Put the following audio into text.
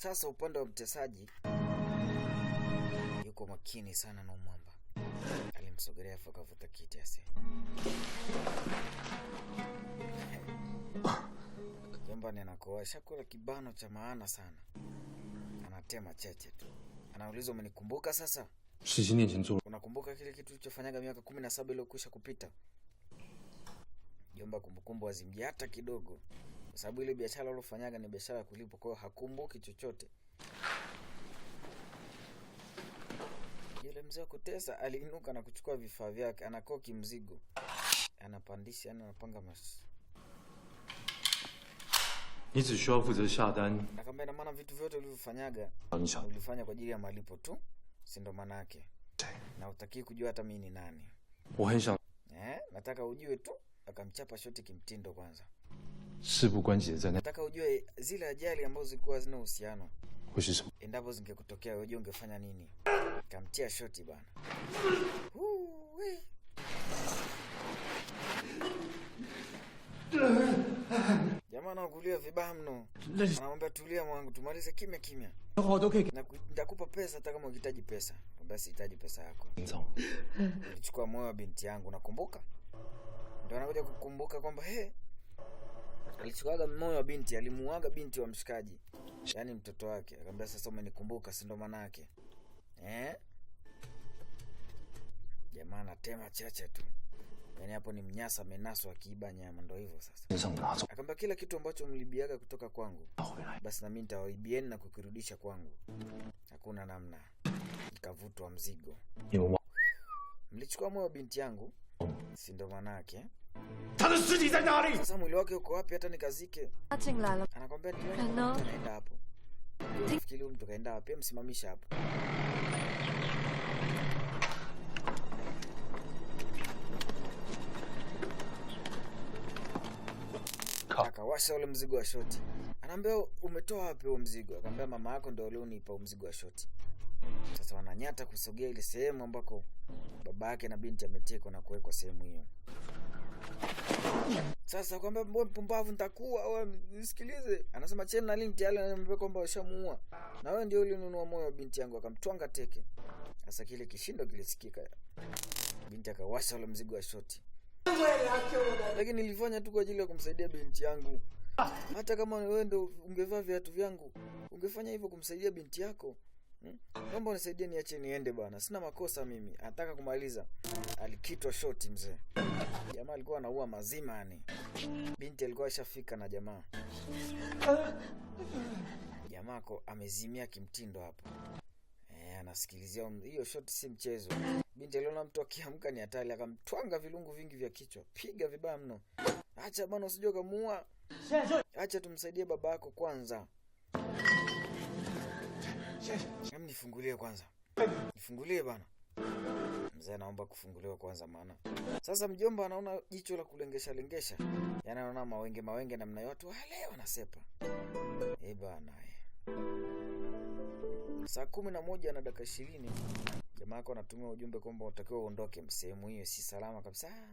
Sasa upande wa mtesaji yuko makini sana na Umwamba, alimsogelea afu akavuta kiti ase jombani anakoa shakula kibano cha maana sana, anatema cheche tu, anauliza umenikumbuka sasa? Unakumbuka kile kitu ulichofanyaga miaka kumi na saba iliyokwisha kupita? Jomba, kumbukumbu hazimjii hata kidogo sababu ile biashara alofanyaga ni biashara ya kulipwa, kwa hiyo hakumbuki chochote. Yule mzee wa kutesa aliinuka na kuchukua vifaa vyake, anakoa kimzigo, anapandisha yani, anapanga mas akamwambia, na maana vitu vyote ulivyofanyaga ulifanya kwa ajili ya malipo tu, si ndo maana yake? Na utaki kujua hata mimi ni nani eh, nataka ujue tu. Akamchapa shoti kimtindo kwanza. 事不关己的灾难。Nataka ujue zile ajali ambazo zilikuwa zina uhusiano endapo zingekutokea wewe, ungefanya nini? Kamtia shoti bana. Jamaa vibaya mno, anamwambia tulia mwangu, tumalize kimya kimya, nitakupa pesa hata kama ukihitaji pesa. Basi sihitaji pesa yako, chukua moyo wa binti yangu. Nakumbuka ndio anakuja kukumbuka kwamba hey alichukaga moyo wa binti, alimuaga binti wa mshikaji, yaani mtoto wake. Akamwambia sasa, umenikumbuka si ndo yake eh? Jamaa anatema chache tu, yaani hapo ni mnyasa amenaswa, akiiba nyama ndo hivyo sasa. Akamwambia kila kitu ambacho mlibiaga kutoka kwangu, basi nami nitawaibieni na kukirudisha kwangu, hakuna namna. Ikavutwa mzigo, mlichukua moyo wa binti yangu, si ndo manake sasa mwili wake uko wapi? Hata nikazike, anakwambia anaenda hapo. Fikiri mtu kaenda wapi? Msimamisha hapo. Akawasha ule mzigo wa shoti, anaambia umetoa wapi huo mzigo? Akamwambia mama yako ndio alionipa mzigo wa shoti. Sasa wananyata kusogea ile sehemu ambako baba yake na binti ametekwa na kuwekwa sehemu hiyo. Sasa kwamba mbona mpumbavu nitakuwa au nisikilize. Anasema Chen na Ling yale anamwambia kwamba washamuua. Na wewe ndio ulinunua moyo wa binti yangu akamtwanga teke. Sasa kile kishindo kilisikika. Binti akawasha ule mzigo wa shoti. Lakini nilifanya tu kwa ajili ya kumsaidia binti yangu. Hata kama wewe ndio ungevaa viatu vyangu, ungefanya hivyo kumsaidia binti yako. Hmm? Naomba unisaidie niache niende bwana. Sina makosa mimi. Anataka kumaliza. Alikitwa shoti mzee. Jamaa alikuwa anaua mazima yani. Binti alikuwa ashafika na jamaa. Jamako amezimia kimtindo hapo. Eh, anasikilizia hiyo shot, si mchezo. Binti aliona mtu akiamka ni hatari akamtwanga vilungu vingi vya kichwa. Piga vibaya mno. Acha bwana usijue kumuua. Acha tumsaidie babako kwanza nifungulie kwanza, nifungulie bana. Mzee anaomba kufunguliwa kwanza, maana sasa mjomba anaona jicho la kulengesha lengesha, yaani anaona mawenge mawenge namna yote, wale wanasepa eh bana. Eh. Saa kumi na moja na dakika ishirini jamaa yako anatumia ujumbe kwamba unatakiwa uondoke sehemu hiyo, si salama kabisa.